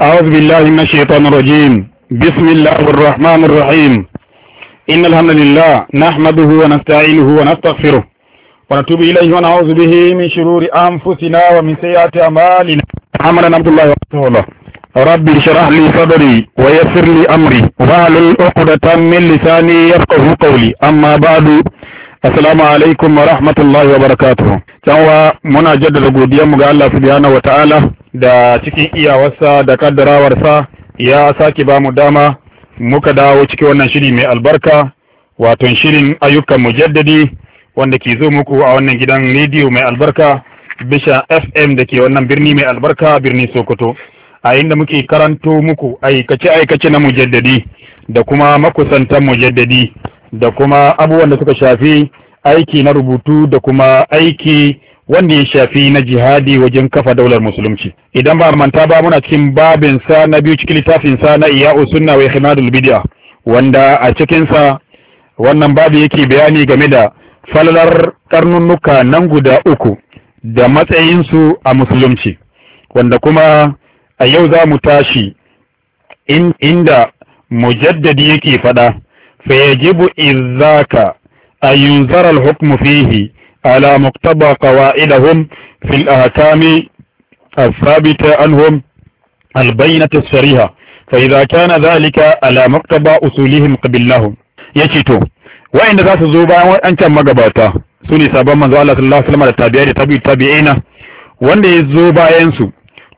أعوذ بالله من الشيطان الرجيم بسم الله الرحمن الرحيم إن الحمد لله نحمده ونستعينه ونستغفره ونتوب إليه ونعوذ به من شرور أنفسنا ومن سيئات أعمالنا عمل عبد الله ورسوله رب اشرح لي صدري ويسر لي أمري واحلل عقدة من لساني يفقه قولي أما بعد السلام عليكم ورحمة الله وبركاته barakatuhu. منا muna jaddada godiyanmu الله سبحانه وتعالى da cikin iyawarsa da kaddarawarsa ya sake ba mu dama muka dawo cikin wannan shiri mai albarka waton shirin ayyukan mujaddadi wanda ke zo muku a wannan gidan rediyo mai albarka bisha fm da ke wannan birni mai albarka birni sokoto a inda muke karanto muku aikace aikace na mujaddadi da kuma makusantan mujaddadi da kuma abubuwan da suka shafi aiki na rubutu da kuma aiki wanda ya shafi na jihadi wajen kafa daular musulunci idan ba manta ba muna cikin babin sa na biyu cikin littafin sa na iya'u usunna wa ihmadul bid'a wanda a cikin sa wannan babu yake bayani game da falalar karnunuka nan guda uku da matsayin su a musulunci wanda kuma a yau za mu tashi inda mujaddadi yake fada fa yajibu izaka ayunzara alhukmu fihi على مقتضى قواعدهم في الأحكام الثابتة عنهم البينة الصريحة فإذا كان ذلك على مقتضى أصولهم قبلناهم يشتو وإن ذات الزوبة وأنت مقباتا سوني سابا من الله صلى الله عليه وسلم التابعين تابعي تابعين wanda ya zo bayansu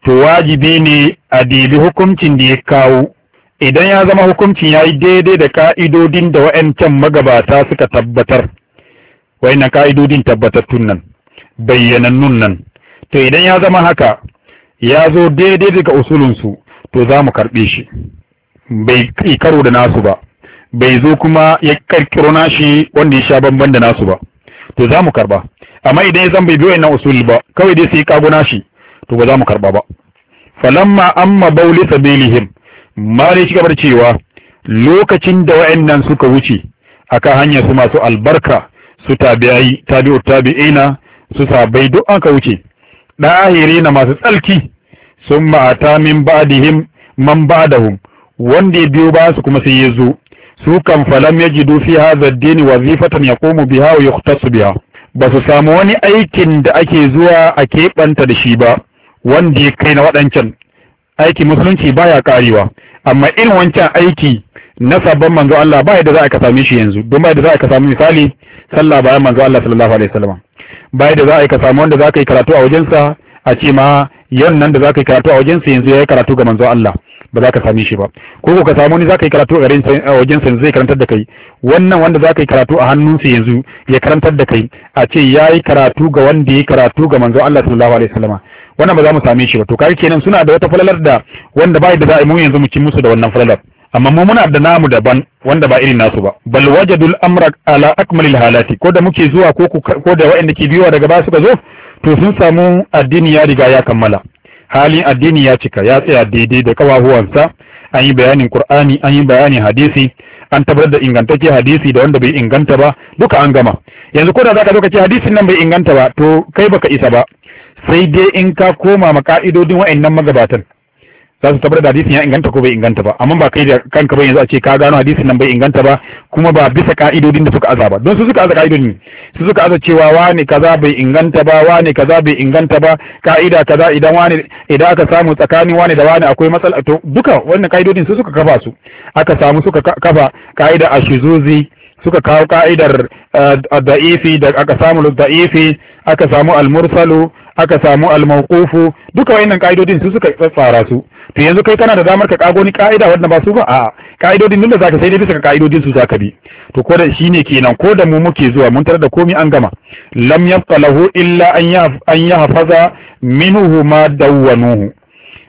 to wajibi ne a dibi hukuncin da ya kawo idan ya zama hukuncin ya yi daidai da ka'idodin da wa'ancan magabata suka tabbatar na ka'idodin tabbatattun nan bayyanannun nan to idan ya zama haka ya zo daidai daga usulunsu to za mu karɓe shi bai karo da nasu ba bai zo kuma ya karkiro nashi wanda ya sha bamban da nasu ba to za mu karɓa amma idan ya zan bai biyo nan usul ba kawai dai sai kago nashi to ba za mu karɓa ba falamma amma bauli sabilihim ci gaba da cewa lokacin da wa'annan suka wuce akan hanyar su masu albarka su tabi'ai tabi'u tabi'ina su sabai duk an ka wuce dahiri na masu tsalki sun ma'ata min ba'dihim man ba'dahum wanda ya biyo ba su kuma sai ya zo su kan falam jidu fi hadha ad-din wazifatan yaqumu biha wa yuqtasu biha ba su samu wani aikin da ake zuwa a keɓanta da shi ba wanda ya kai na waɗancan aiki musulunci baya karewa amma irin wancan aiki na sabon manzo Allah ba yadda za a ka same shi yanzu don ba yadda za a ka samu misali sallah bayan manzo Allah sallallahu alaihi wasallam ba yadda za a ka samu wanda za ka yi karatu a wajensa a ce ma yan nan da za ka yi karatu a wajensa yanzu ya yi karatu ga manzo Allah ba za ka same shi ba ko ko ka samu ni za ka yi karatu a wajensa yanzu zai karantar da kai wannan wanda za ka yi karatu a hannun sa yanzu ya karantar da kai a ce ya yi karatu ga wanda ya yi karatu ga manzo Allah sallallahu alaihi wasallam wannan ba za mu same shi ba to kai kenan suna da wata falalar da wanda bai da za'i mu yanzu mu ci musu da wannan falalar amma mu muna da namu daban wanda ba irin nasu ba bal wajadul amra ala akmalil halati ko da muke zuwa ko ko da wa'inda ke biyowa daga baya suka zo to sun samu addini ya riga ya kammala halin addini ya cika ya tsaya daidai da kawahuwansa an yi bayanin qur'ani an yi bayanin hadisi an tabbatar da ingantacce hadisi da wanda bai inganta ba duka an gama yanzu ko da zaka zo ka ce hadisin nan bai inganta ba to kai baka isa ba sai dai in ka koma ma ka'idodin wa'annan magabatan za su tabbatar da hadisin ya inganta ko bai inganta ba amma ba kai da kanka bai yanzu a ce ka gano hadisin nan bai inganta ba kuma ba bisa ka'idodin da suka aza ba don su suka aza ka'idodin su suka aza cewa wani kaza bai inganta ba Wani kaza bai inganta ba ka'ida kaza idan wani idan aka samu tsakanin wani da wani akwai matsala to duka wannan ka'idodin su suka kafa su aka samu suka kafa ka'ida shizuzi suka kawo ka'idar eh, da'ifi da aka samu da'ifi aka samu almursalu aka samu almawqufu duka wayannan ka'idodin su suka fara su to yanzu kai kana da damar ka kago ni ka'ida wanda ba su ba a ka'idodin nan da zaka sai dai bisa ka ka'idodin su zaka bi to ko da shine kenan ko da mu muke zuwa mun tarar da komai an gama lam lahu illa an ya an yahfaza minhu ma dawwanuhu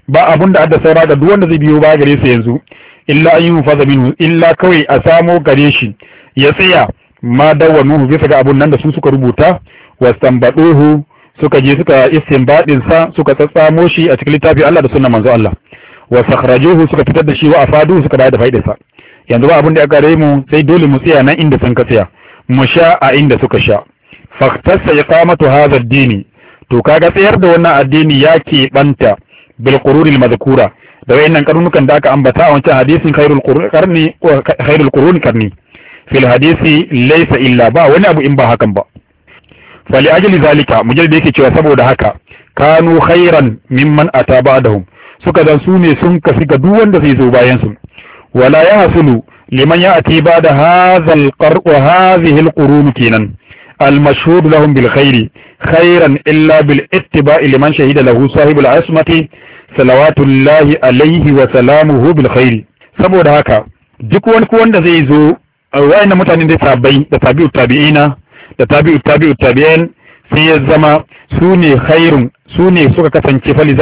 ba abun da adda saura da duk wanda zai biyo ba gare su yanzu illa an yahfaza minhu illa kawai a samo gare shi ya tsaya ma dawwanuhu bisa ga abun nan da su suka rubuta wasan wastanbaduhu suka je suka istinbadin sa suka tsatsamo shi a cikin littafi Allah da sunnan manzo Allah wa sakhrajuhu suka fitar da shi wa afadu suka bayar da faidar sa yanzu ba abin da aka mu sai dole mu tsaya nan inda sun ka tsaya mu sha a inda suka sha faktasa iqamatu hadha ad-dini to kaga tsayar da wannan addini ya ke banta bil qurunil madhkura da wayannan karnukan da aka ambata a wancan hadisin khairul qurni khairul karni fil hadisi laysa illa ba wani abu in ba hakan ba fali ajli zalika mujallid yake cewa saboda haka kanu khairan mimman ata ba'dahum suka dan su ne sun kafi ga duk wanda zai zo bayan su wala yahsulu liman ya'ti ba'da hadha al-qar wa hadhihi al-qurun kinan المشهود لهم بالخير خيرا إلا بالاتباع لمن شهد له صاحب salawatullahi صلوات wa عليه وسلامه بالخير saboda haka duk wani wanda zai zo wayan mutanen da sabai da tabi'u tabi'ina da tabi'u tabi'u tabi'in sai ya zama su ne khairun su ne suka kasance fali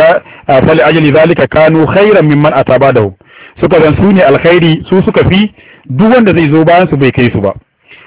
ajali zalika kanu khairan mimman ataba da suka zan su ne alkhairi su suka fi duk wanda zai zo bayan su bai kai su ba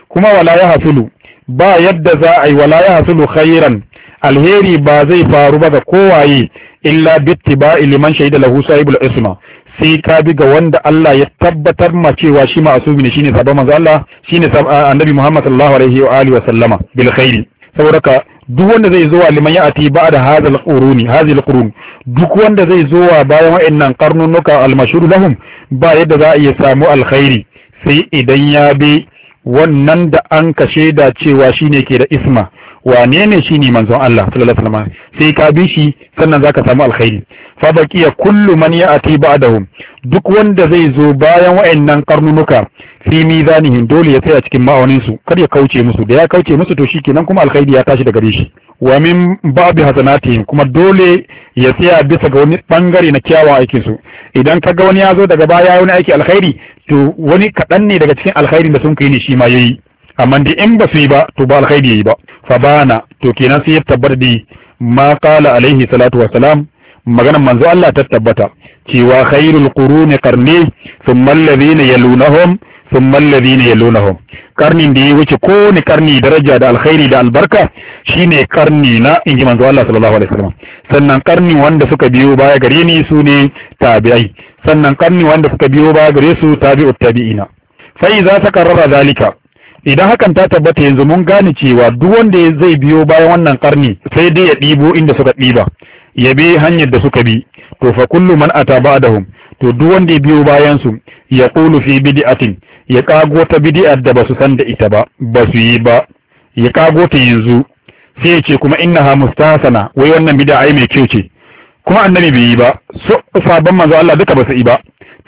kuma wala ya hasulu ba yadda za a yi wala ya hasulu khairan alheri ba zai faru ba ga kowaye illa bittiba'il liman shahida lahu sahibul isma sai ka bi ga wanda Allah ya tabbatar ma cewa shi ma'asumi ne shine sabon manzo Allah shine annabi Muhammad sallallahu alaihi wa alihi wa sallama bil khairi saboda ka duk wanda zai zo wa ati ya'ati ba'da hadha al-quruni al-qurun duk wanda zai zo wa bayan wa'annan qarnunuka al-mashhur lahum ba yadda za a iya samu alkhairi sai idan ya bi wannan da an kashe da cewa shine ke da isma wane ne ne manzon Allah sallallahu alaihi wasallam sai ka bi shi sannan zaka samu alkhairi fa baqiya kullu man ya'ti ba'dahum duk wanda zai zo bayan wayannan karnunuka fi mizanihim dole ya tsaya cikin ma'aunin su kar ya kauce musu da ya kauce musu to kenan kuma alkhairi ya tashi daga shi wa min ba'di hasanatihim kuma dole ya tsaya bisa ga wani bangare na kyawawan aikin su idan kaga wani ya zo daga baya wani aiki alkhairi to wani kadan ne daga cikin alkhairin da sun kai ne shi ma yayi amma di in ba su yi ba to ba alkhairi yayi ba fa bana to kenan sai ya tabbata di ma qala alaihi salatu wassalam maganar manzo Allah ta tabbata cewa khairul quruni qarni thumma alladhina yalunahum thumma alladhina yalunahum Karni da ya wuce ko ne karni daraja da alkhairi da albarka shine karni na inji manzo Allah sallallahu alaihi wasallam sannan karni wanda suka biyo baya gare ni sune tabi'ai sannan karni wanda suka biyo baya gare su tabi'ut tabi'ina fa idza takarrara zalika idan hakan ta tabbata yanzu mun gane cewa duk wanda zai biyo bayan wannan karni sai dai ya ɗibo inda suka ɗiba ya bi hanyar da suka bi to fa kullu man ata ba'dahum to duk wanda ya biyo bayan su ya qulu fi bid'atin ya kago ta bid'ar da basu san da ita ba basu yi ba ya kago ta yanzu sai ya ce kuma innaha mustasana wai wannan bid'a ai mai kyau ce kuma annabi bai yi ba su sabon manzo Allah duka basu yi ba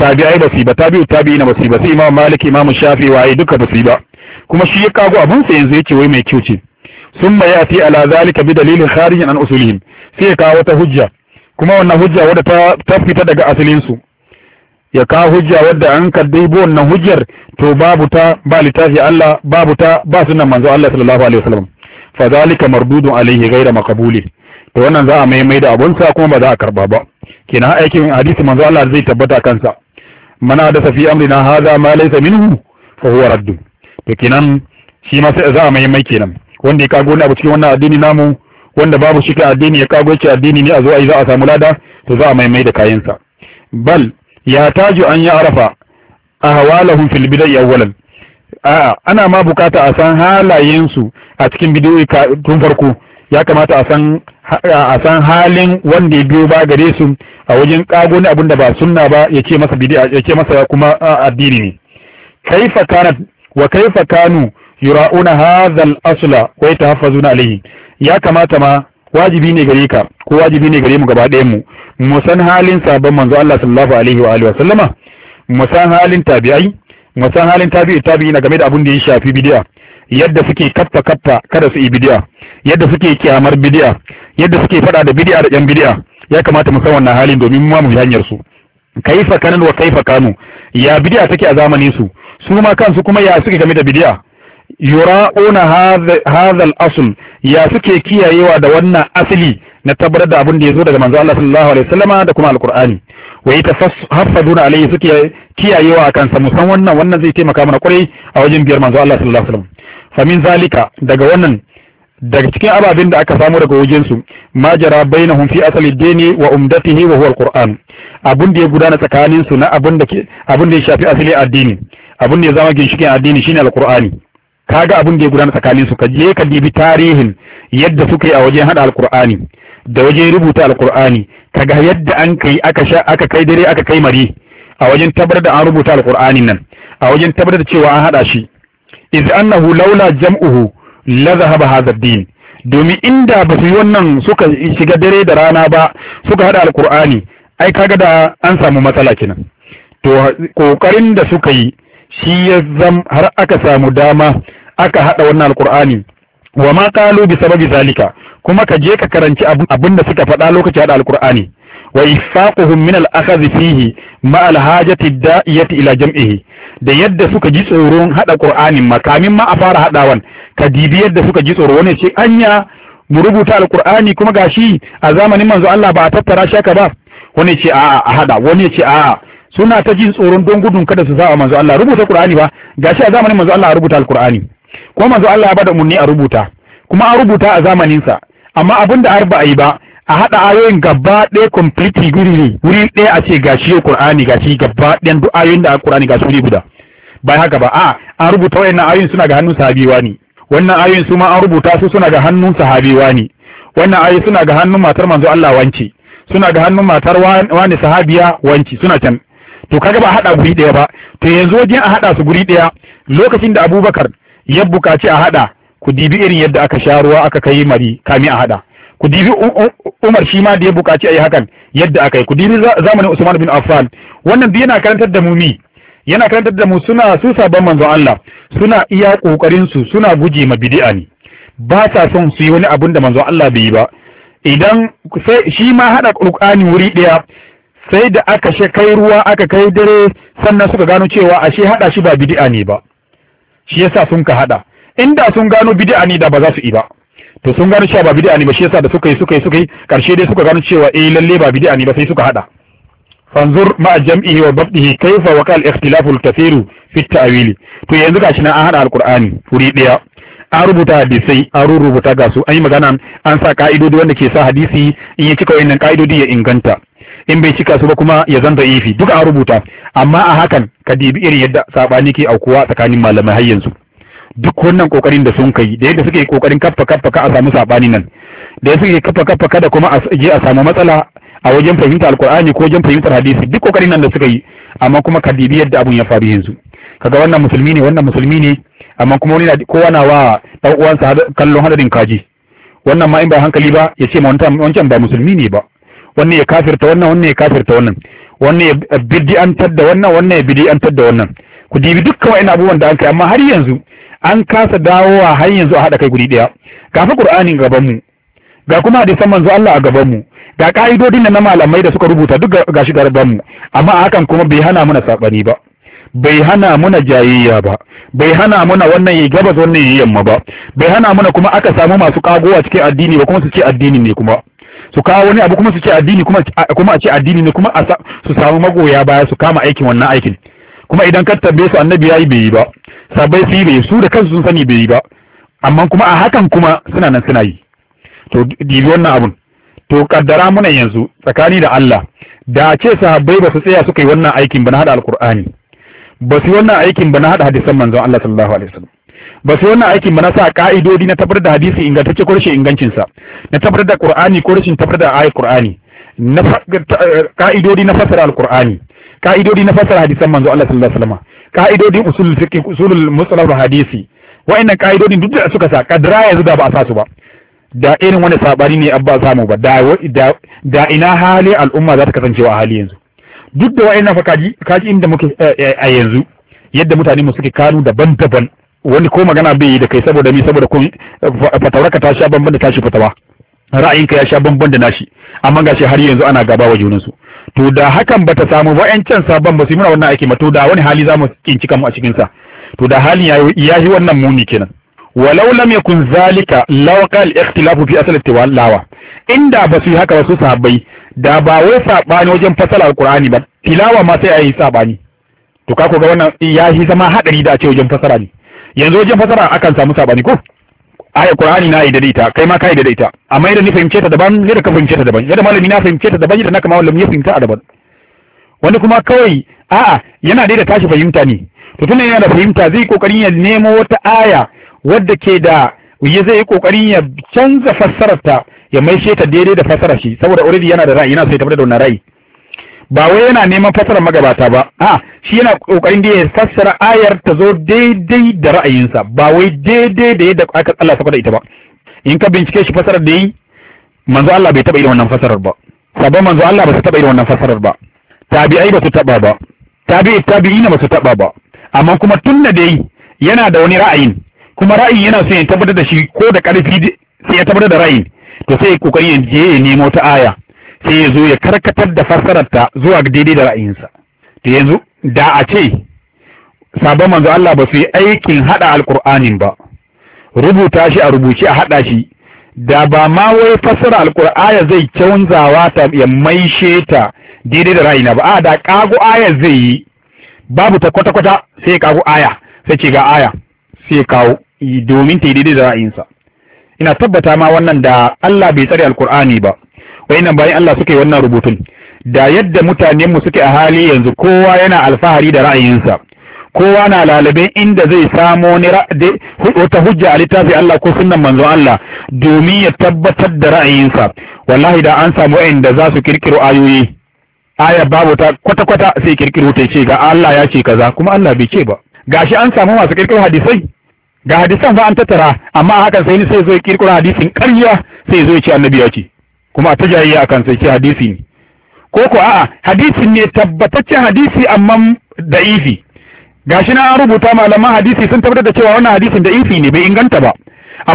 tabi'ai basu yi ba tabi'u tabi'ina basu yi ba sai imam maliki imam shafi'i waye duka basu yi ba kuma shi ya kago abun sa yanzu yace wai mai kyau ce summa yati ala zalika bi dalilin kharijin an usulihim sai kawo wata hujja kuma wannan hujja wadda ta, tafita fita daga asalin su ya kawo hujja wadda an ka wannan hujjar to babu ta ba littafi Allah babu ta ba sunan manzo Allah sallallahu alaihi wasallam fa zalika mardudun alaihi ghaira maqbuli to wannan za a maimai da abunsa kuma ba za a karba ba Kina aikin hadisi manzo Allah zai tabbata kansa man da safi amrina hadha ma laysa minhu fa huwa raddun to kenan shi ma sai za a mai mai kenan wanda ya kago wani abu cikin wannan addini namu wanda babu shi addini ya kago shi addini ne a zo a yi za a samu lada to za a mai mai da kayansa bal ya taju an ya arafa a hawalahu fil bidai awwalan a'a ana ma bukata a san halayensu a cikin bidiyoyi tun farko ya kamata a san a san halin wanda ya biyo ba gare su a wajen kago ne abinda ba sunna ba ya ce masa bid'a yake masa kuma addini ne kaifa kanat wa kaifa kanu yura'una hadha al-asla wa yatahaffazuna alayhi ya kamata ma wajibi ne gare ka ko wajibi ne gare mu gaba ɗayan mu mu san halin sabon manzo Allah sallallahu alaihi wa alihi wa sallama mu san halin tabi'ai mu san halin tabi'i tabi'i na game da abin da ya shafi bid'a yadda suke kaffa kaffa kada su yi bid'a yadda suke kiyamar bid'a yadda suke fada da bid'a da yan bid'a ya kamata mu san wannan halin domin mu ma mu hanyar su kaifa kanan wa kaifa kanu ya bid'a take a zamanin su su ma kansu kuma ya suke game da bidiya yura ona al-asl ya suke kiyayewa da wannan asali na tabbatar da abin da yazo daga manzo Allah sallallahu alaihi wasallama da kuma alqur'ani wa yatafaffaduna alaihi suke kiyayewa akan sa musan wannan wannan zai taimaka mana kwarai a wajen biyar manzo Allah sallallahu alaihi wasallam fa min zalika daga wannan daga cikin ababen da aka samu daga wajensu ma jara bainahum fi asali dini wa umdatihi wa huwa alquran abun da ya gudana tsakanin su na abun da ke abun da ya shafi asali addini abin da ya zama ginshikin addini shine alqur'ani kaga abin da ya gudana tsakanin su ka je ka dibi tarihin yadda suka yi a wajen hada alqur'ani da wajen rubuta alqur'ani kaga yadda an kai aka sha aka kai dare aka kai mari a wajen tabbatar da an rubuta alqur'anin nan a wajen tabbatar da cewa an hada shi iz annahu laula jam'uhu la dhahaba hadha ad-din domin inda ba su yi wannan suka shiga dare da rana ba suka hada alqur'ani ai kaga da an samu matsala kenan to kokarin da suka yi shi ya zam har aka samu dama aka hada wannan alkur'ani wa ma qalu bi sababi zalika kuma ka je ka karanci abin da suka faɗa lokacin hada alqur'ani wa ifaquhum min al-akhdh fihi ma al-hajati daiyati ila jam'ihi da yadda suka ji tsoron hada qur'anin makamin ma a fara hadawan ka dibi yadda suka ji tsoro wani ce anya mu rubuta alkur'ani kuma gashi a zamanin manzo Allah ba a tattara shaka ba wani ce a'a a hada wani ce a'a suna ta jin tsoron don gudun kada su sa manzo Allah rubuta Qur'ani ba gashi a zamanin manzo Allah a rubuta Al-Qur'ani ko manzo Allah ya bada umarni a rubuta kuma a rubuta a zamanin sa amma abin da arba ayi ba a hada ayoyin gaba ɗaya complete guri ne wuri ɗaya a ce gashi Qur'ani gashi gaba ɗayan duk ayoyin da Qur'ani gashi wuri guda ba haka ba a an rubuta wayannan ayoyin suna ga hannun sahabiwa ne wannan ayoyin su ma an rubuta su suna ga hannun sahabiwa ne wannan ayoyi suna ga hannun matar manzo Allah wanci suna ga hannun matar wani sahabiya wanci suna can to kaga ba hada guri daya ba to yanzu wajen a haɗa su guri ɗaya lokacin da abubakar ya buƙaci a haɗa ku dibi irin yadda aka sha ruwa aka kai mari kami a haɗa ku dibi umar shi ma da ya buƙaci a yi hakan yadda aka yi ku dibi zamanin usman bin affan wannan duk yana karantar da mu ni. yana karantar da mu suna su sabon manzon Allah suna iya kokarin su suna guje ma bid'a ne ba sa son su yi wani abun da manzon Allah bai yi ba idan sai shi ma hada qur'ani wuri daya sai da aka she kai ruwa aka kai dare sannan suka gano cewa ashe hada shi ba bid'a ne ba shi yasa sun ka hada inda sun gano bid'a ne da ba za su yi ba to sun gano cewa ba bid'a ne ba shi yasa da suka yi suka yi suka yi karshe dai suka gano cewa eh lalle ba bid'a ne ba sai suka hada fanzur ma jam'ihi wa babdihi kaifa wa kal ikhtilafu al-kathiru fi at-ta'wili to yanzu gashi nan an hada al-qur'ani wuri daya an rubuta hadisai an rubuta ga su an yi magana an sa ka'idodi wanda ke sa hadisi in ya cika wayannan ka'idodi ya inganta in bai cika su ba kuma ya zanda ifi duka an rubuta amma a hakan ka dibi irin yadda sabani ke aukuwa tsakanin malamai har yanzu duk wannan kokarin da sun kai da yadda suke kokarin kaffa kaffa ka a samu sabani nan da yadda suke kaffa kaffa ka da kuma a je a samu matsala a wajen fahimtar alkur'ani ko wajen fahimtar hadisi duk kokarin nan da suka yi amma kuma ka dibi yadda abun ya faru yanzu kaga wannan musulmi ne wannan musulmi ne amma kuma wani kowa na wa dan uwansa kallon hadarin kaji wannan ma in ba hankali ba ya ce ma wancan ba musulmi ne ba wannan ya kafirta wannan wannan ya kafirta wannan wannan ya bid'antar da wannan wannan ya bid'antar da wannan ku dibi dukkan wa'in abubuwan da an kai amma har yanzu an kasa dawowa har yanzu a haɗa kai guri ɗaya ga fa qur'anin gaban mu ga kuma da san manzo Allah a gaban mu ga ka'idodin na malamai da suka rubuta duk ga shi gaban mu amma hakan kuma bai hana muna sabani ba bai hana muna jayayya ba bai hana muna wannan yi gabas wannan yi yamma ba bai hana muna kuma aka samu masu kagowa cikin addini ba kuma su ce addini ne kuma su kawo wani abu kuma su ce addini kuma a ce addini ne kuma su samu magoya baya su kama aikin wannan aikin kuma idan ka tabbe su annabi yayi bai yi ba sabai su yi bai su da kansu sun sani bai yi ba amma kuma a hakan kuma suna nan suna yi to dibi wannan abun to kaddara muna yanzu tsakani da Allah da ce sahabbai ba su tsaya suka yi wannan aikin ba na hada alqur'ani ba su yi wannan aikin ba na hada hadisan manzon Allah sallallahu alaihi wasallam ba sai wannan aikin ba na sa ka'idodi na tabbatar da hadisi ingantacce ko rashin ingancinsa na tabbatar da qur'ani ko rashin tabbatar da ayat qur'ani na eh, ka'idodi na fasara alqur'ani ka'idodi na fasara hadisan manzo Allah sallallahu alaihi wasallam ka'idodi usul fiqh usulul mustalah hadisi wa'annan ka'idodi duk da suka sa kadra yanzu da ba a sa su ba da irin wani sabani ne abba samu ba da ina hali al'umma za ta kasancewa a hali yanzu duk da wa'annan fakaji kaji inda muke eh, eh, a yanzu yadda mutane mu suke kanu daban-daban wani ko magana bai yi da kai saboda mi saboda kun fatawarka ta sha bamban da tashi fatawa ra'ayinka ya sha bamban da nashi amma gashi har yanzu ana gaba wa junansu to da hakan bata samu ba, can sabon ba su muna wannan aiki ma to da wani hali zamu kinci kanmu a cikin sa to da halin yi wannan muni kenan walau lam yakun zalika law qal ikhtilafu fi asl tilawa inda ba su yi haka ba su sahabbai da ba wai sabani wajen fasala alqur'ani ba tilawa ma sai ayi sabani to ka ko ga wannan yi zama hadari da a ce wajen fasala ne yanzu wajen fasara akan samu sabani ko aya qur'ani na yadda ita kai ma ka yadda ita amma idan ni fahimce ta daban yadda ka fahimce ta daban yadda malami na fahimce ta daban yadda naka malami ya fahimta a daban wani kuma kawai a'a yana da tashi fahimta ne to tunda yana da fahimta zai kokari ya nemo wata aya wadda ke da ya zai yi ya canza fassararta ya mai ta daidai da fassara shi saboda already yana da ra'ayi yana sai tabbatar da wannan ra'ayi ba wai yana neman fassara magabata ba a shi yana kokarin da ya fassara ayar ta zo daidai da ra'ayinsa ba wai daidai da yadda aka Allah saka da ita ba in ka bincike shi fassarar da yi manzo Allah bai taba irin wannan fassarar ba sabon manzo Allah ba su taba irin wannan fassarar ba tabi'ai ba su taba ba tabi'i tabi'ina ba su taba ba amma kuma tun da dai yana da wani ra'ayin kuma ra'ayin yana so ya tabbatar da shi ko da karfi sai ya tabbatar da ra'ayin to sai kokarin ya je ya nemo ta aya sai ya zo ya karkatar da fassararta zuwa daidai da ra'ayinsa to yanzu da a ce sabon manzo Allah ba su yi aikin hada alkur'anin ba rubuta shi a rubuce a hada shi da ba ma wai fassara alkur'aya zai canzawa ta ya maishe ta daidai da ra'ayina ba a da kago aya zai yi babu ta kwata-kwata sai ya kago aya sai ce ga aya sai kawo domin ta yi daidai da ra'ayinsa ina tabbata ma wannan da Allah bai tsare alkur'ani ba wayannan bayan Allah suka yi wannan rubutun da yadda mutanen mu suke a hali yanzu kowa yana alfahari da ra'ayinsa kowa na lalaben inda zai samo ni wata hujja a littafi Allah ko sunan manzo Allah domin ya tabbatar da ra'ayinsa wallahi da an samu inda za su kirkiro ayoyi aya babu ta kwata-kwata sai kirkiro ta ce ga Allah ya ce kaza kuma Allah bai ce ba gashi an samu masu kirkiro hadisai ga hadisan ba an tattara amma a hakan sai ni sai zo kirkiro hadisin ƙarya sai zo ya ce annabi ya ce kuma a ta jayayya akan sai ce hadisi ne ko ko a'a hadisi ne tabbataccen hadisi amma da ifi gashi na an rubuta malaman hadisi sun tabbatar da cewa wannan hadisin ifi ne bai inganta ba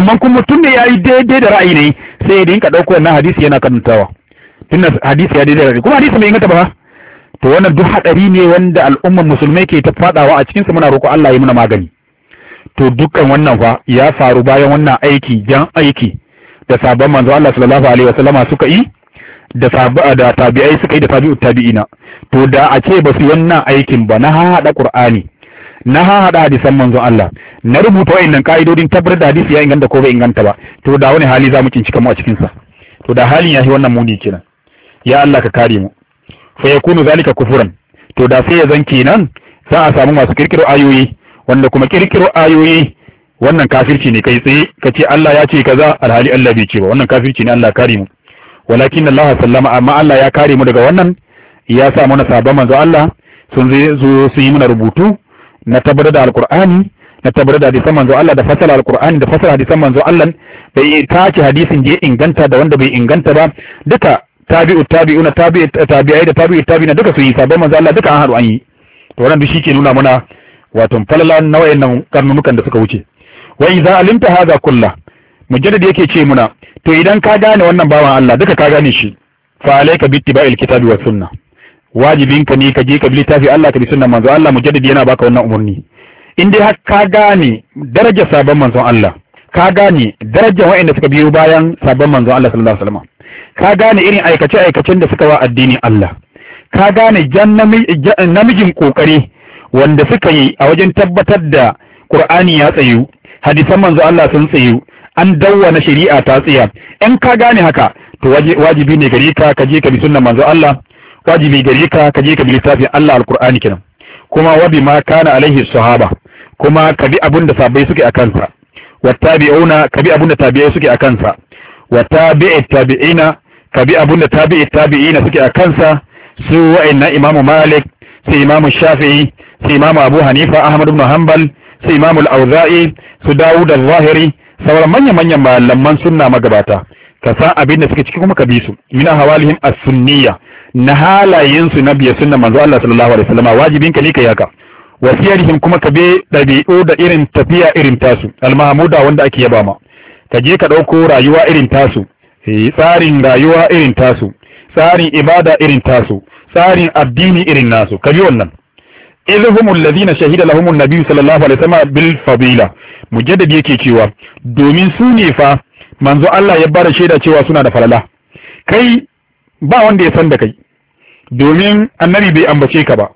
amma kuma mutum ne yayi daidai da ra'ayi ne sai ya dinka dauko wannan hadisi yana karantawa tunda hadisi ya daidai da ra'ayi kuma hadisi bai inganta ba to wannan duk hadari ne wanda al'ummar musulmai ke ta fadawa a cikin su muna roƙo Allah ya muna magani to dukkan wannan fa ya faru bayan wannan aiki jan aiki da sabon manzo Allah sallallahu alaihi wasallama suka yi da da tabi'ai suka yi da tabi'ut tabi'ina to da a ce ba su wannan aikin ba na hada Qur'ani na hada hadisan manzo Allah na rubuta wayannan kaidodin tabbatar da hadisi ya inganta ko bai inganta ba to da wani hali za mu kinci mu a cikin sa to da halin yahi wannan muni kenan ya Allah ka kare mu fa yakunu zalika kufuran to da sai ya zan kenan za a samu masu kirkiro ayoyi wanda kuma kirkiro ayoyi wannan kafirci ne kai tsaye Ka ce Allah ya ce kaza alhali Allah bai ce ba wannan kafirci ne Allah kare mu walakin Allah sallama amma Allah ya kare mu daga wannan ya sa mana sabon manzo Allah sun zo sun yi mana rubutu na tabbatar da alqur'ani na tabbatar da hadisan manzo Allah da fasala alqur'ani da fasala hadisan manzo Allah bai tace hadisin je inganta da wanda bai inganta ba duka tabi'u tabi'una tabi'i tabi'ai da tabi'u tabi'ina duka sun yi sabon manzo Allah duka an haru an yi to wannan duk shi ke nuna mana wato falala na wayannan karnunukan da suka wuce wa idza alimta hadha kullah mujaddid yake ce muna to idan ka gane wannan bawan Allah duka ka gane shi fa alayka bi ittiba'il kitabi wa sunnah wajibinka ne ka je ka bi littafi Allah ka bi sunnan manzo Allah mujaddid yana baka wannan umurni in dai har ka gane darajar sabon Allah ka gane darajar waɗanda suka biyo bayan sabon manzon Allah sallallahu alaihi wasallam ka gane irin aikace aikacen da suka wa addinin Allah ka gane jan namijin kokari wanda suka yi a wajen tabbatar da Qur'ani ya tsayu hadisan manzo Allah sun tsayu an na shari'a ta tsaya in ka gane haka to wajibi ne gare ka ka je ka bi sunnan manzo Allah wajibi gare ka ka je ka bi littafin Allah alqur'ani kenan kuma wa ma kana alaihi sahaba kuma ka bi abin da sabai suke akan sa wattabi'una ka bi abin da tabi'ai suke akan sa wattabi'i tabi'ina ka bi abin da tabi'i tabi'ina suke akan sa su wa'annan imamu malik sai imamu shafi'i sai imamu abu hanifa ahmad ibn hanbal su Imam al-Auza'i su dawo da zahiri sauran manya-manyan malaman sunna magabata ka san abin da suke ciki kuma ka bi su mina hawalihim as-sunniyya na halayen su na biya sunna manzo Allah sallallahu alaihi wasallam wajibin ka ne ka yaka wasiyarihim kuma ka bi dabi'u da irin tafiya irin tasu al-mahmuda wanda ake yaba ma ka je ka dauko rayuwa irin tasu eh, tsarin rayuwa irin tasu tsarin ibada irin tasu tsarin addini irin nasu ka bi wannan idhum alladhina shahida lahum an-nabiy sallallahu alaihi wasallam bil fadila mujaddid yake cewa domin su ne fa manzo Allah ya bada shaida cewa suna da falala kai ba wanda ya san da kai domin annabi bai ambace ka ba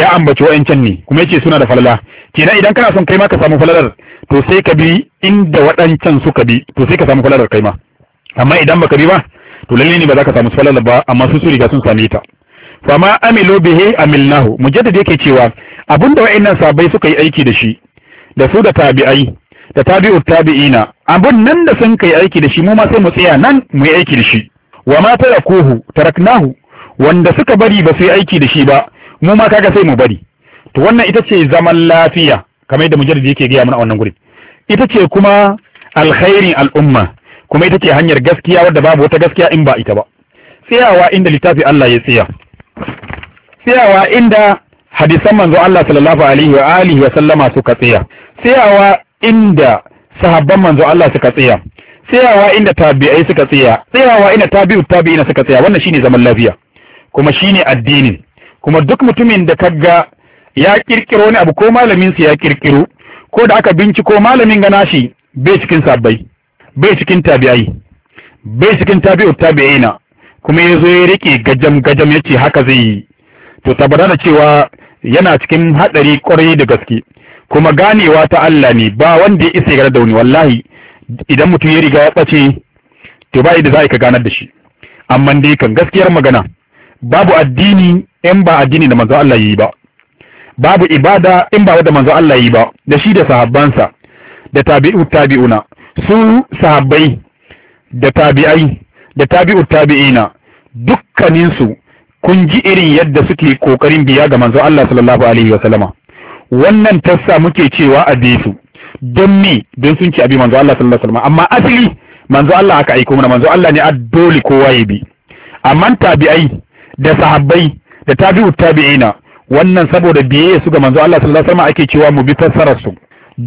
ya ambaci wayancan ne kuma yace suna da falala kenan idan kana son kai ma ka samu falalar to sai ka bi inda waɗancan suka bi to sai ka samu falalar kai ma amma idan baka bi ba to lalle ne ba za ka samu falalar ba amma su su riga sun same ta fama ma amilu bihi amilnahu mujaddid yake cewa abinda wa'annan sabai suka yi aiki da shi da su da tabi'ai da tabi'u tabi'ina abun nan da sun kai aiki da shi mu ma sai mu tsaya nan mu yi aiki da shi wa ma tarakuhu taraknahu wanda suka bari ba su yi aiki da shi ba mu ma kaga sai mu bari to wannan ita ce zaman lafiya kamar yadda mujaddid yake gaya mana a wannan guri ita ce kuma alkhairin al'umma kuma ita ce hanyar gaskiya wadda babu wata gaskiya in ba ita ba tsayawa inda littafi Allah ya tsaya tsayawa inda hadisan manzo Allah sallallahu alaihi wa alihi wa sallama suka tsaya tsayawa inda sahabban manzo Allah suka tsaya tsayawa inda tabi'ai suka tsaya tsayawa inda tabi'u tabi'ina suka tsaya wannan shine zaman lafiya kuma shine addini kuma duk mutumin da kaga ya kirkiro wani abu ko malamin sa ya kirkiro ko da aka binciko malamin ga nashi bai cikin sabbai bai cikin tabi'ai bai cikin tabi'u tabi'ina kuma yazo ya rike gajam gajam yace haka zai yi to tabbatar da cewa yana cikin hadari kwarai da gaske kuma ganewa ta Allah ne ba wanda ya isa ya da wani wallahi idan mutum ya riga ya bace to ba da za ka ganar da shi amma dai kan gaskiyar magana babu addini in ba addini da manzo Allah yi ba babu ibada in ba wanda manzo Allah yi ba da shi da sahabbansa da tabi'u tabi'una su sahabbai da tabi'ai da tabi'u tabi'ina dukkaninsu kun ji irin yadda suke kokarin biya ga manzo Allah sallallahu alaihi wa sallama wannan tassa muke cewa a bi su don me don sun ci abi manzo Allah sallallahu alaihi wa sallama amma asali manzo Allah aka aiko mana manzo Allah ne a dole kowa ya bi amma tabi'ai da sahabbai da tabi'u tabi'ina wannan saboda biyayya su ga manzo Allah sallallahu alaihi sallama ake cewa mu bi fassarar su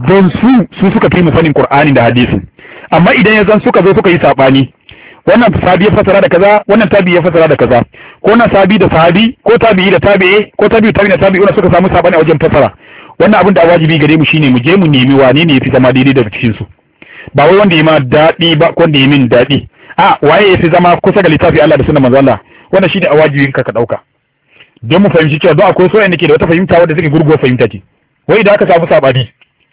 don su su suka fi mu sanin Qur'ani da hadisi amma idan ya zan suka zo suka yi sabani wannan sahabi ya fasara da kaza wannan tabi ya fasara da kaza ko na sahabi da sahabi ko tabi'i da tabi'i ko tabi'u tabi'i da tabi'i suka samu sabani a wajen fasara wannan abin da wajibi gare mu shine mu je mu nemi wane ne yafi zama daidai daga cikin su ba wai wanda ya ma daɗi ba ko wanda ya min daɗi a waye yafi zama kusa ga littafi Allah da sunan manzo Allah wannan shine a wajibin ka ka dauka don mu fahimci cewa don akwai soyayya ke da wata fahimta wadda take gurguwa fahimta ce wai da aka samu sabani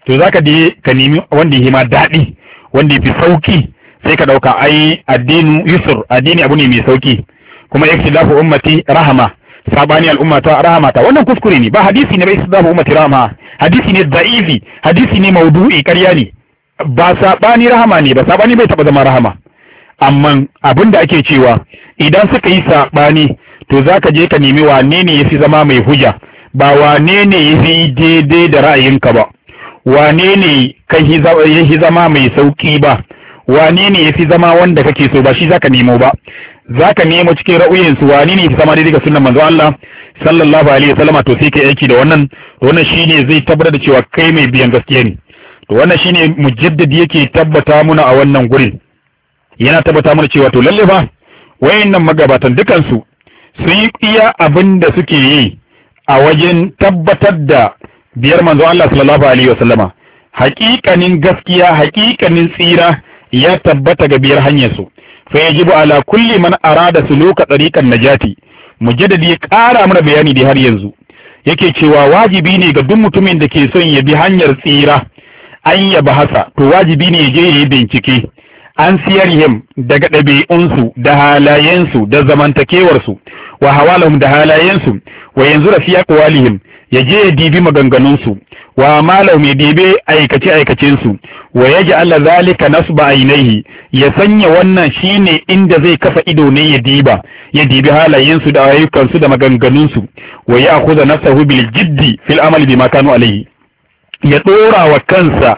to zaka da ka nemi wanda ya ma daɗi wanda ya fi sauki sai ka ɗauka ai addinu yusur addini abu ne mai sauki kuma ikhtilafu ummati rahama sabani al'umma ta rahama wannan kuskure ne ba hadisi ne ba ikhtilafu ummati rahama hadisi ne da'ifi hadisi ne maudu'i ƙarya ne ba sabani rahama ne ba sabani bai taba zama rahama amma abinda ake cewa idan suka yi sabani to zaka je ka nemi wane ne yafi zama mai hujja ba wane ne yafi daidai da ra'ayinka ba wane ne kai yi zama mai sauki ba wane ne fi zama wanda kake so ba shi zaka nemo ba Za ka nemo cikin ra'uyinsu wane ne fi zama daidai ga sunan manzo Allah sallallahu alaihi sallama to sai kai aiki da wannan wannan shine zai tabbatar da cewa kai mai biyan gaskiya ne to wannan shine mujaddid yake tabbata muna a wannan gurin yana tabbata mana cewa to lalle fa wayannan magabatan dukan su sun yi iya abin da suke yi a wajen tabbatar da biyar manzo Allah sallallahu alaihi sallama haƙiƙanin gaskiya haƙiƙanin tsira ya tabbata ga biyar hanyar su fa yajibu ala kulli man arada suluka tariqan najati mujaddadi ya ƙara mana bayani da har yanzu yake cewa wajibi ne ga duk mutumin da ke son ya bi hanyar tsira an ya bahasa to wajibi ne ya je ya yi bincike an siyar him daga ɗabi'unsu da halayensu da zamantakewarsu wa hawalahum da halayensu wa yanzu rafiya qawalihim ya je ya dibi maganganunsu wa malam mai dibe aikace aikacensu wa ya ji Allah zalika ba ainihi ya sanya wannan shine inda zai kafa ido ne ya diba ya dibi halayensu da ayyukansu da maganganunsu wa ya akhudha nafsahu bil jiddi fil amali bima kanu alayhi ya dora wa kansa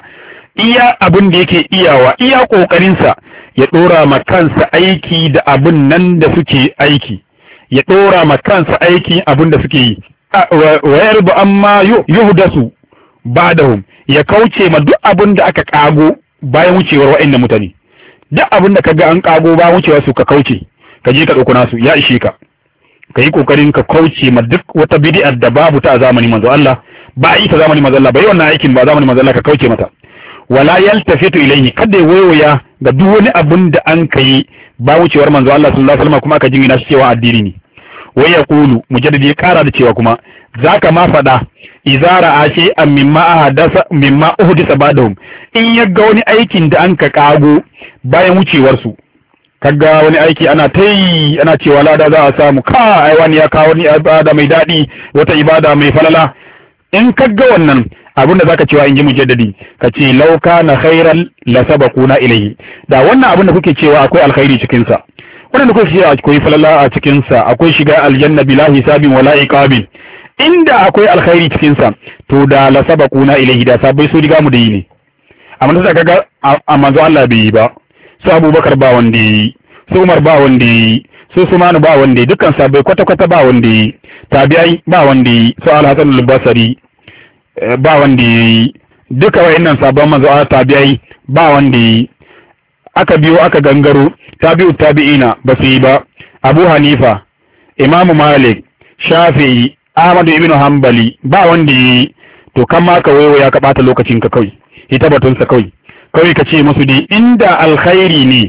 iya abun da yake iyawa iya kokarinsa ya dora ma kansa aiki da abun nan da suke aiki ya dora ma kansa aiki abun da suke yi wa amma yuhdasu ba'dahum ya kauce ma duk abin da aka kago bayan wucewar wa'annan mutane duk abin da kaga an kago bayan wucewar su ka kauce ka je ka dauko nasu ya ishe ka ka yi kokarin ka kauce ma duk wata bid'ar da babu ta a zamanin manzo Allah ba a yi ta zamanin manzo Allah ba yi wannan aikin ba zamanin manzo Allah ka kauce mata wala yaltafitu ilayhi kada wayoya ga duk wani abun da an kai ba wucewar manzo Allah sallallahu alaihi wasallam kuma aka jingina shi cewa addini ne wai ya kulu mujaddid ya kara da cewa kuma zaka ma fada izara a shay'an mimma ahdasa mimma uhdisa ba'dahum in yaga wani aikin da an ka kago bayan wucewar su kaga wani aiki ana tai ana cewa lada za a samu ka ai wani ya kawo ni ibada mai daɗi wata ibada mai falala in kaga wannan abinda zaka cewa in ji mujaddadi ka ce lauka na khairan la sabaquna ilayhi da wannan abinda kuke cewa akwai alkhairi cikin sa waɗanda kuka a koyi falala a cikinsa akwai shiga aljanna bila hisabin wala iqabin inda akwai alkhairi cikinsa to da la sabaquna ilayhi da sabai su riga mu da yi ne amma da kaga a manzo Allah bai yi ba su Abubakar ba wanda yi su Umar ba wanda yi su Sumanu ba wanda yi dukkan sabai kwata kwata ba wanda yi tabi'ai ba wanda yi su Al-Hasan al-Basri eh, ba wanda yi duka wayannan sabon manzo Allah tabi'ai ba wanda yi aka biyo aka gangaro tabi'u tabi'ina ba su yi ba abu hanifa imamu malik shafi'i ahmadu ibn hanbali ba wanda yi to kan ma ka ya ka bata lokacin ka kawai ita batunsa kawai kawai ka ce musu dai inda alkhairi ne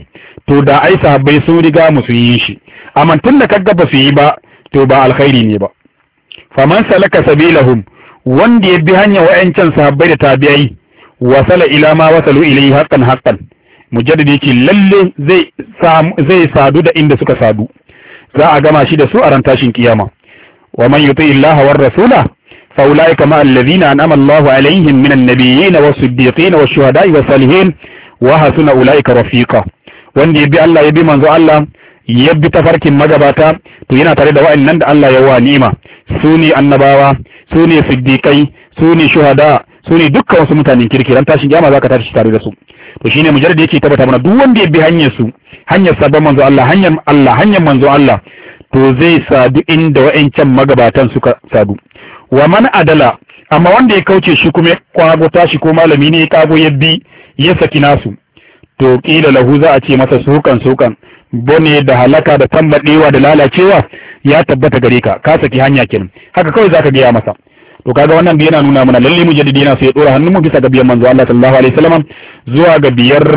to da ai sahabbai sun riga musu yi shi amma tun da kaga ba su yi ba to ba alkhairi ne ba faman salaka sabilahum wanda ya bi hanya wa'ancan sahabbai da tabi'ai wasala ila ma wasalu ilayhi haqqan haqqan mujaddadi yake lalle zai zai sadu da inda suka sadu za a gama shi da su a ran tashin kiyama wa man yuti illaha war rasula fa ulaika ma alladhina an'ama Allahu alaihim minan nabiyyin was-siddiqin wash-shuhada'i was-salihin wa hasuna ulaika rafiqa wanda yabi Allah yabi manzo Allah yabbi tafarkin magabata to yana tare da wa'annan da Allah ya wa ni'ima su ne annabawa su ne siddiqai su ne shuhada su ne dukkan wasu mutanen kirki ran tashin kiyama ka tashi tare da su to shine mujarrad yake tabbata mana duk wanda ya bi hanyar su hanyar sabon manzo Allah hanyar Allah hanyar manzo Allah to zai sadu inda wa'ancan magabatan suka sadu wa man adala amma wanda ya kauce shi kuma ya kwago tashi ko malami ne ya kago ya bi ya saki nasu to kila lahu za a ce masa sukan sukan bone da halaka da tambadewa da lalacewa ya tabbata gare ka ka saki hanya kenan haka kawai zaka gaya masa to kaga wannan da yana nuna mana lalle mujaddidi yana sai ya dora hannun mu bisa ga biyan manzo Allah sallallahu alaihi wasallam zuwa ga biyar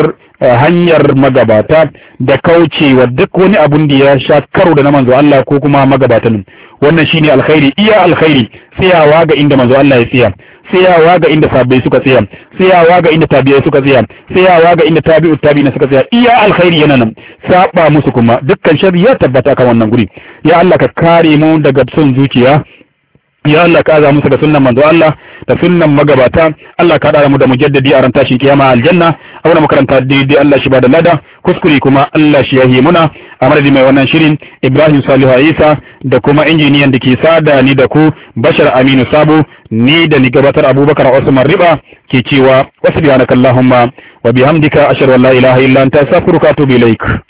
eh, hanyar magabata da kaucewa duk wani abun da ya sha karo da na manzo Allah ko kuma magabatan wannan shine alkhairi iya alkhairi tsayawa ga inda manzo Allah ya tsaya tsayawa ga inda sahabbai suka tsaya tsayawa ga inda tabi'ai suka tsaya tsayawa ga inda tabi'u tabi'ina suka tsaya iya alkhairi yana nan saba musu kuma dukkan sharri ya tabbata kan wannan guri ya Allah ka kare mu daga son zuciya ya Allah ka aza musu da sunnan manzo Allah da sunnan magabata Allah ka mu da mujaddadi a ran tashin kiyama aljanna a wannan makaranta daidai Allah shi ba da lada kuskure kuma Allah shi yahi muna a madadin mai wannan shirin Ibrahim Salihu Isa da kuma injiniyan da ke sada ni da ku Bashar Aminu Sabo ni da ni gabatar Abubakar Usman Riba ke cewa wasbihanakallahumma wa bihamdika ashhadu an la ilaha illa anta astaghfiruka wa atubu ilaik